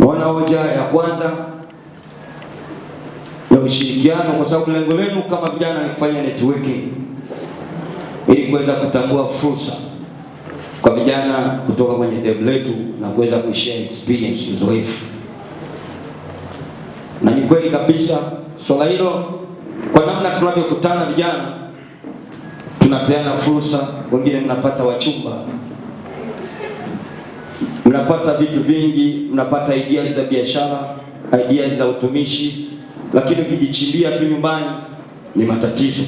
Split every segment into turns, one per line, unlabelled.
Wana hoja ya kwanza ya ushirikiano, kwa sababu lengo lenu kama vijana ni kufanya networking ili kuweza kutambua fursa kwa vijana kutoka kwenye demu letu na kuweza kushare experience, uzoefu. Na ni kweli kabisa swala hilo, kwa namna tunavyokutana vijana, tunapeana fursa, wengine mnapata wachumba mnapata vitu vingi, mnapata ideas za biashara, ideas za utumishi, lakini ukijichimbia tu nyumbani ni matatizo.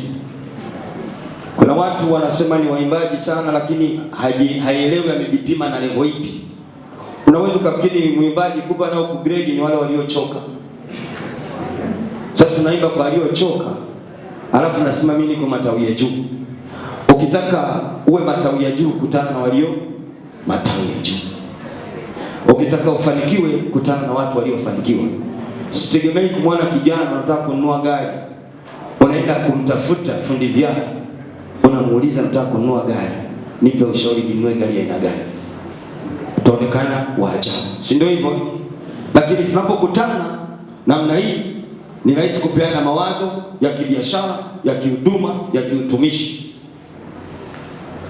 Kuna watu wanasema ni waimbaji sana, lakini haielewi amejipima na level ipi. Unaweza ukafikiri ni mwimbaji kubwa, nao kugrade ni wale waliochoka. Sasa unaimba kwa waliochoka, alafu nasema mimi niko matawi ya juu. Ukitaka uwe matawi ya juu, kutana na walio matawi ya juu. Ukitaka ufanikiwe, kutana na watu waliofanikiwa. Sitegemei kumwona kijana anataka kununua gari, unaenda kumtafuta fundi viatu, unamuuliza nataka kununua gari, nipe ushauri, ninunue gari aina gani? Utaonekana wa ajabu, si ndio hivyo? Lakini tunapokutana namna hii, ni rahisi kupeana mawazo ya kibiashara, ya kihuduma, ya kiutumishi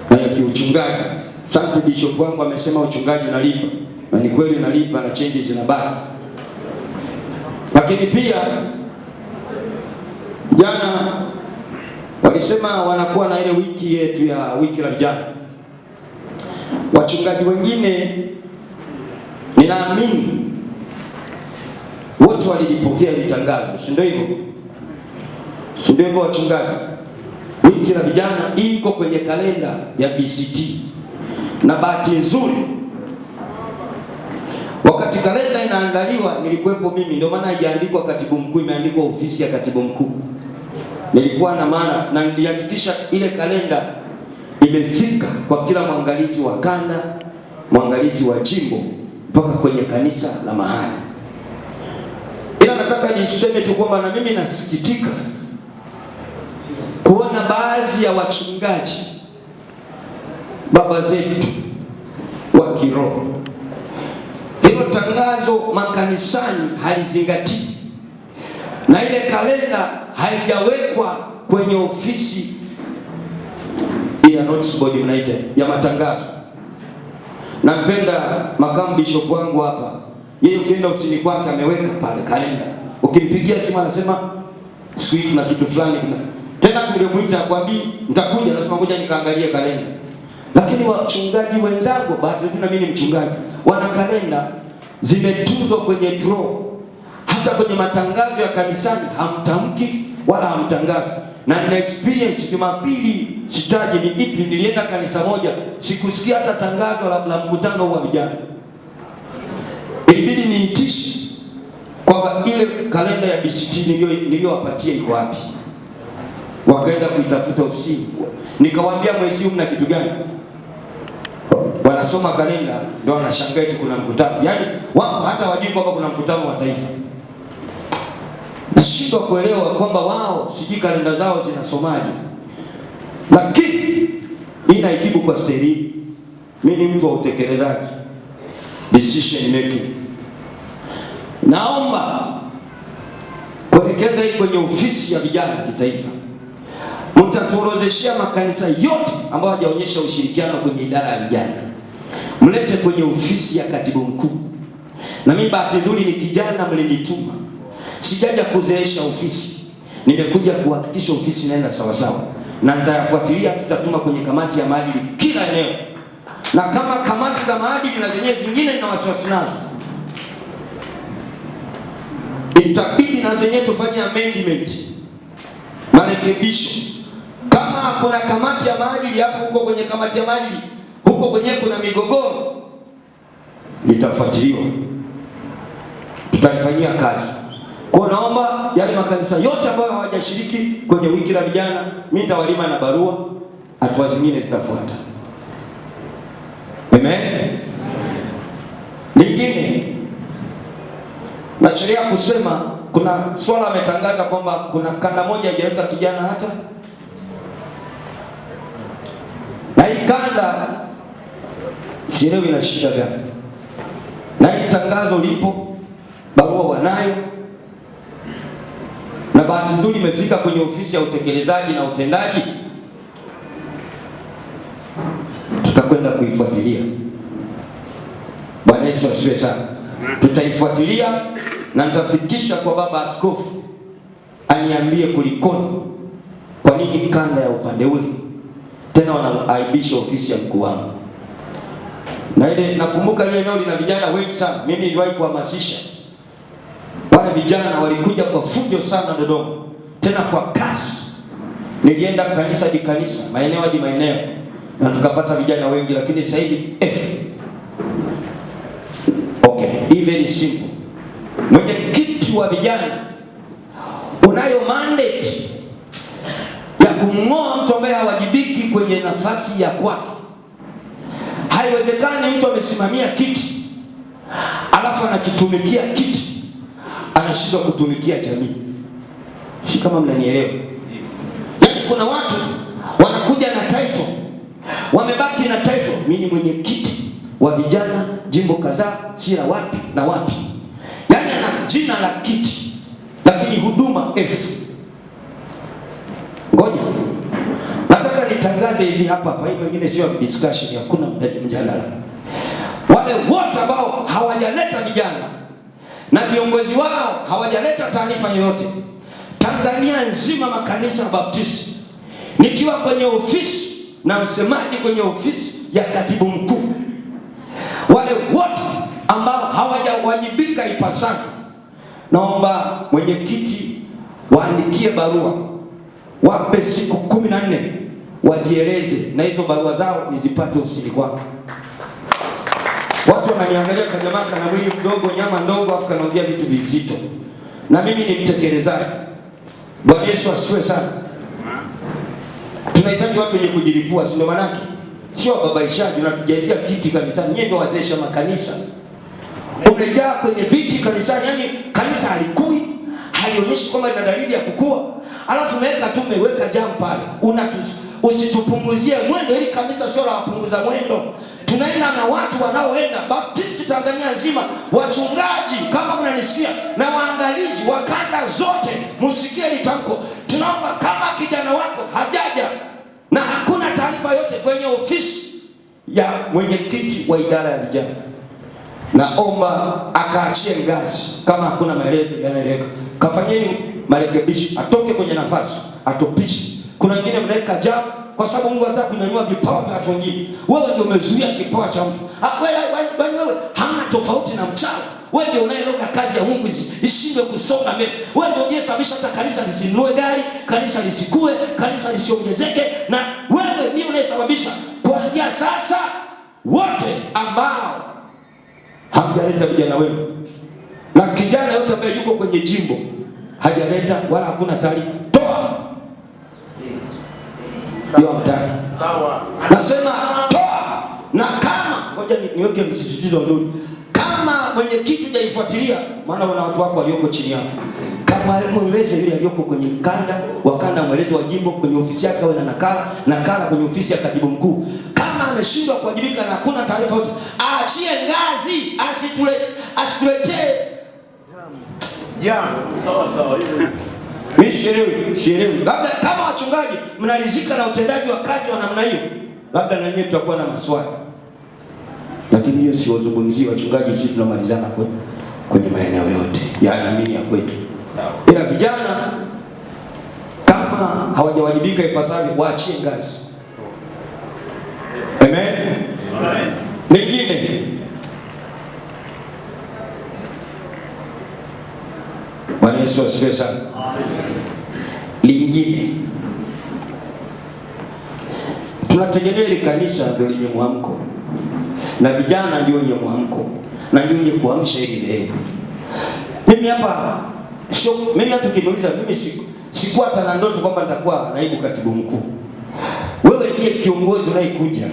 na ya kiuchungaji. Sante Bishop wangu amesema uchungaji unalipa na ni kweli unalipa na chenji zinabaki. Lakini pia jana walisema wanakuwa na ile wiki yetu ya wiki la vijana. Wachungaji wengine ninaamini wote walilipokea vitangazo, si ndio hivyo? Si ndio hivyo wachungaji? Wiki la vijana iko kwenye kalenda ya BCT na bahati nzuri wakati kalenda inaandaliwa nilikuwepo mimi, ndio maana haijaandikwa katibu mkuu, imeandikwa ofisi ya katibu mkuu. Nilikuwa na maana na nilihakikisha ile kalenda imefika kwa kila mwangalizi wa kanda, mwangalizi wa jimbo, mpaka kwenye kanisa la mahali. Ila nataka niseme tu kwamba na mimi nasikitika kuona baadhi ya wachungaji baba zetu wa kiroho tangazo makanisani halizingatii na ile kalenda haijawekwa kwenye ofisi ya notice board mnaita ya matangazo. Napenda makamu bishop wangu hapa, yeye ukienda ofisini kwake ameweka pale kalenda, ukimpigia simu anasema siku hii tuna kitu fulani. Tena tulimuita akwambie nitakuja, anasema ngoja nikaangalie kalenda. Lakini wachungaji wenzangu, bahati nzuri na mimi ni mchungaji, wana kalenda zimetuzwa kwenye draw. Hata kwenye matangazo ya kanisani hamtamki wala hamtangazi. Na nina experience Jumapili, sitaji ni ipi, nilienda kanisa moja, sikusikia hata tangazo la, la mkutano wa vijana. Ilibidi niitishi kwamba ile kalenda ya BCT niliyowapatia iko wapi? Wakaenda kuitafuta ofisini, nikawaambia mwezi huu mna kitu gani? wanasoma kalenda ndio wanashangaa kuna mkutano. Yaani wao hata wajui kwamba kuna mkutano wa taifa. Nashindwa kuelewa kwamba wao sijui kalenda zao zinasomaje, lakini mimi naijibu kwa staili. Mimi ni mtu wa utekelezaji, decision making. Naomba kuelekeza hii kwenye ofisi ya vijana kitaifa mtatuorozeshea makanisa yote ambayo hajaonyesha ushirikiano kwenye idara ya vijana mlete kwenye ofisi ya katibu mkuu. Na mimi bahati nzuri ni kijana, mlinituma, sijaja kuzeesha ofisi, nimekuja kuhakikisha ofisi inaenda sawasawa, na nitayafuatilia. Tutatuma kwenye kamati ya maadili kila eneo, na kama kamati za maadili na zenyewe zingine na wasiwasi nazo, itabidi na zenyewe tufanye amendment, marekebisho. Kama kuna kamati ya maadili hapo, huko kwenye kamati ya maadili huko kwenyewe kuna migogoro, litafuatiliwa, tutalifanyia kazi. Kwa naomba yale makanisa yote ambayo hawajashiriki kwenye wiki la vijana, mimi nitawalima na barua, hatua zingine zitafuata. Amen. Lingine nachelea kusema, kuna swala ametangaza kwamba kuna kanda moja haijaweka kijana hata na hii kanda sielewi ina shida gani, na hili tangazo lipo, barua wanayo, na bahati nzuri imefika kwenye ofisi ya utekelezaji na utendaji, tutakwenda kuifuatilia. Bwana Yesu asifiwe sana. Tutaifuatilia na nitafikisha kwa baba askofu aniambie kulikoni, kwa nini kanda ya upande ule tena wanaaibisha ofisi ya mkuu wangu na ile nakumbuka ile eneo lina vijana wengi sana. Mimi niliwahi kuhamasisha wale vijana, walikuja kwa fujo sana Dodoma, tena kwa kasi. Nilienda kanisa di kanisa, maeneo hadi maeneo, na tukapata vijana wengi, lakini sasa hivi eh, okay, hii very simple. Mwenyekiti wa vijana unayo mandate ya kumng'oa mtu ambaye hawajibiki kwenye nafasi ya kwake. Haiwezekani mtu amesimamia kiti alafu anakitumikia kiti anashindwa kutumikia jamii. Si kama mnanielewa? yani kuna watu wanakuja na title, wamebaki na title, mimi ni mwenyekiti wa vijana jimbo kadhaa, sira wapi na wapi, yaani ana jina la kiti lakini huduma efu. tuanze hivi hapa hapa, hii wengine sio discussion, hakuna mjadala. Wale wote ambao hawajaleta vijana na viongozi wao hawajaleta taarifa yoyote, Tanzania nzima makanisa ya Baptisti, nikiwa kwenye ofisi na msemaji kwenye ofisi ya katibu mkuu, wale wote ambao hawajawajibika ipasavyo, naomba mwenyekiti waandikie barua, wape siku kumi na nne wajieleze na hizo barua zao nizipate ofisini kwako. Watu wananiangalia kajamaa kana mwili mdogo, nyama ndogo, afu kanaongea vitu vizito, na mimi ni mtekelezaji. Bwana Yesu asifiwe sana. Tunahitaji watu wenye kujilipua, si ndio? Manake sio wababaishaji. Unatujaizia viti kanisani, nyie ndio wazesha makanisa, umejaa kwenye viti kanisani, yani kanisa halikui, halionyeshi kwamba ina dalili ya kukua, alafu umeweka tu umeweka jam pale unatusi usitupunguzie mwendo. Ili kanisa sio la kupunguza mwendo, tunaenda na watu wanaoenda Baptisti Tanzania nzima, wachungaji kama mnanisikia, na waangalizi wa kanda zote, msikie litamko. Tunaomba kama kijana wako hajaja na hakuna taarifa yote kwenye ofisi ya mwenyekiti wa idara ya vijana, naomba akaachie ngazi. Kama hakuna maelezo yanaeleweka, kafanyeni marekebisho, atoke kwenye nafasi, atopishe kuna wengine mnaeka jam kwa sababu Mungu anataka kunyanyua vipawa vya watu wengine. Wewe ndio umezuia kipawa cha mtu. Wewe ah, hana tofauti na mchawi. Wewe ndio unayeloga kazi ya Mungu ishindwe kusonga mbele. Wewe ndio unayesababisha hata kanisa lisinunue gari, kanisa lisikue, kanisa lisiongezeke, na wewe ndio unayesababisha. Kuanzia sasa, wote ambao hamjaleta vijana wenu na kijana yote ambaye yuko kwenye jimbo hajaleta wala hakuna taarifa yote. Sawa. Nasema toa na kama, ngoja niweke msisitizo mzuri, kama kitu hujaifuatilia, maana wana watu wako walioko chini yako, kama mweleze yule aliyoko kwenye kanda wakanda kanda, mweleze wa jimbo kwenye ofisi yake, awe na nakala, nakala kwenye ofisi ya katibu mkuu. Kama ameshindwa kuwajibika na hakuna taarifa yote, aachie ngazi, asituletee Jamu.
Jamu. sawa sawa
mimi sielewi, sielewi. Labda kama wachungaji mnalizika na utendaji wa kazi wa namna hiyo, labda na nyinyi tutakuwa na maswali. Lakini hiyo si wachungaji, sisi tunamalizana kwe, kwenye maeneo yote ya naamini ya kwetu. Ila vijana kama hawajawajibika ipasavyo waachie ngazi. Amen. Amen. Mengine Bwana Yesu asifiwe sana. Amen lingine. Tunategemea ile kanisa ndio lenye mwamko na vijana ndio wenye mwamko na ndio wenye kuamsha ile dhehebu. Mimi hapa sio mimi, hata ukiniuliza mimi siku sikuwa hata na ndoto kwamba nitakuwa naibu katibu mkuu. Wewe ndiye kiongozi unayekuja,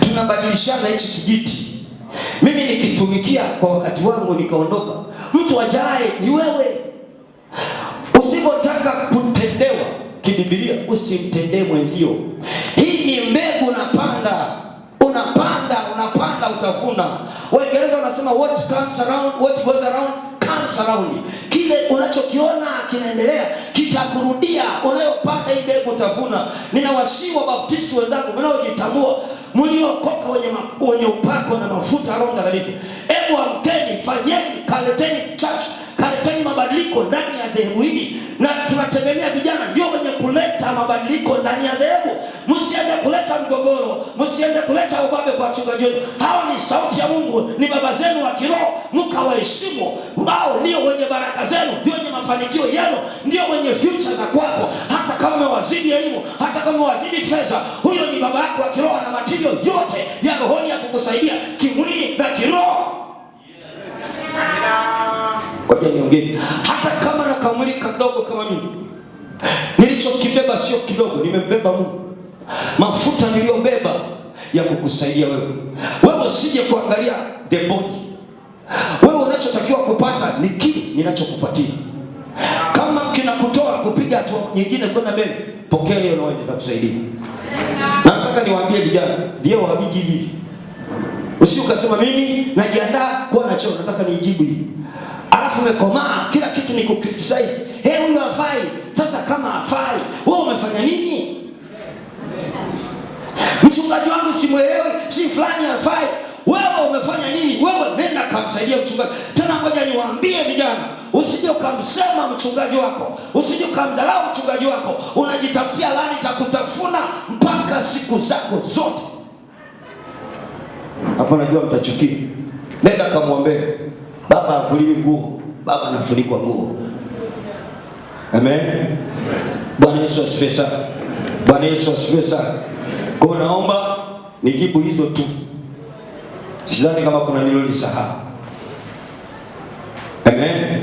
tunabadilishana hichi kijiti. Mimi nikitumikia kwa wakati wangu nikaondoka, mtu ajaye ni wewe. kibibilia, usimtendee mwenzio. Hii ni mbegu unapanda, unapanda, unapanda, utavuna. Waingereza wanasema what comes around, what goes around comes around. Kile unachokiona kinaendelea kitakurudia. Unayopanda hii mbegu utavuna. Ninawasihi wabaptisti wenzangu mnaojitambua mliokoka wenye, wenye upako na mafuta Roho Mtakatifu, hebu amkeni, fanyeni, kaleteni church, kaleteni mabadiliko ndani ya dhehebu hili, na tunategemea vijana ndio mabadiliko ndani ya dhehebu, msiende kuleta mgogoro, msiende kuleta ubabe kwa wachungaji wenu. Hawa ni sauti ya Mungu, ni baba zenu wa kiroho, mkawaheshimu. Wao ndio wenye baraka zenu, ndio wenye mafanikio yenu, ndio wenye future za kwako. Hata kama umewazidi elimu, hata kama umewazidi fedha, huyo ni baba yako wa kiroho na matirio yote ya rohoni ya kukusaidia kimwili na kiroho. Yes. Hata kama nakamwilika kidogo kama mimi Nilichokibeba sio kidogo, nimebeba Mungu. Mafuta niliyobeba ya kukusaidia wewe. Wewe usije kuangalia the Wewe unachotakiwa kupata ni kile ninachokupatia. Kama kinakutoa kupiga hatua nyingine kwenda mbele, pokea hiyo na Nataka niwaambie vijana, ndio wabiji hivi. usi ukasema mimi najiandaa kuwa na nataka niijibu hivi. Alafu umekomaa, kila kitu ni kukriticize. Hey, huyu hafai kufanya nini? Mchungaji wangu simwelewi, si fulani afai. Wewe umefanya nini? Wewe nenda kamsaidia mchungaji. Tena ngoja niwaambie vijana, usije ukamsema mchungaji wako, usije ukamdharau mchungaji wako. Unajitafutia lani, takutafuna mpaka siku zako zote. Hapo najua mtachukia. Nenda kamwambie Baba afuliwi nguo, baba anafulikwa nguo. Amen. Amen. Bwana Yesu asifiwe sana. Bwana Yesu asifiwe sana. Kwa hiyo naomba nijibu hizo tu, sidhani kama kuna nilolisahau. Amen.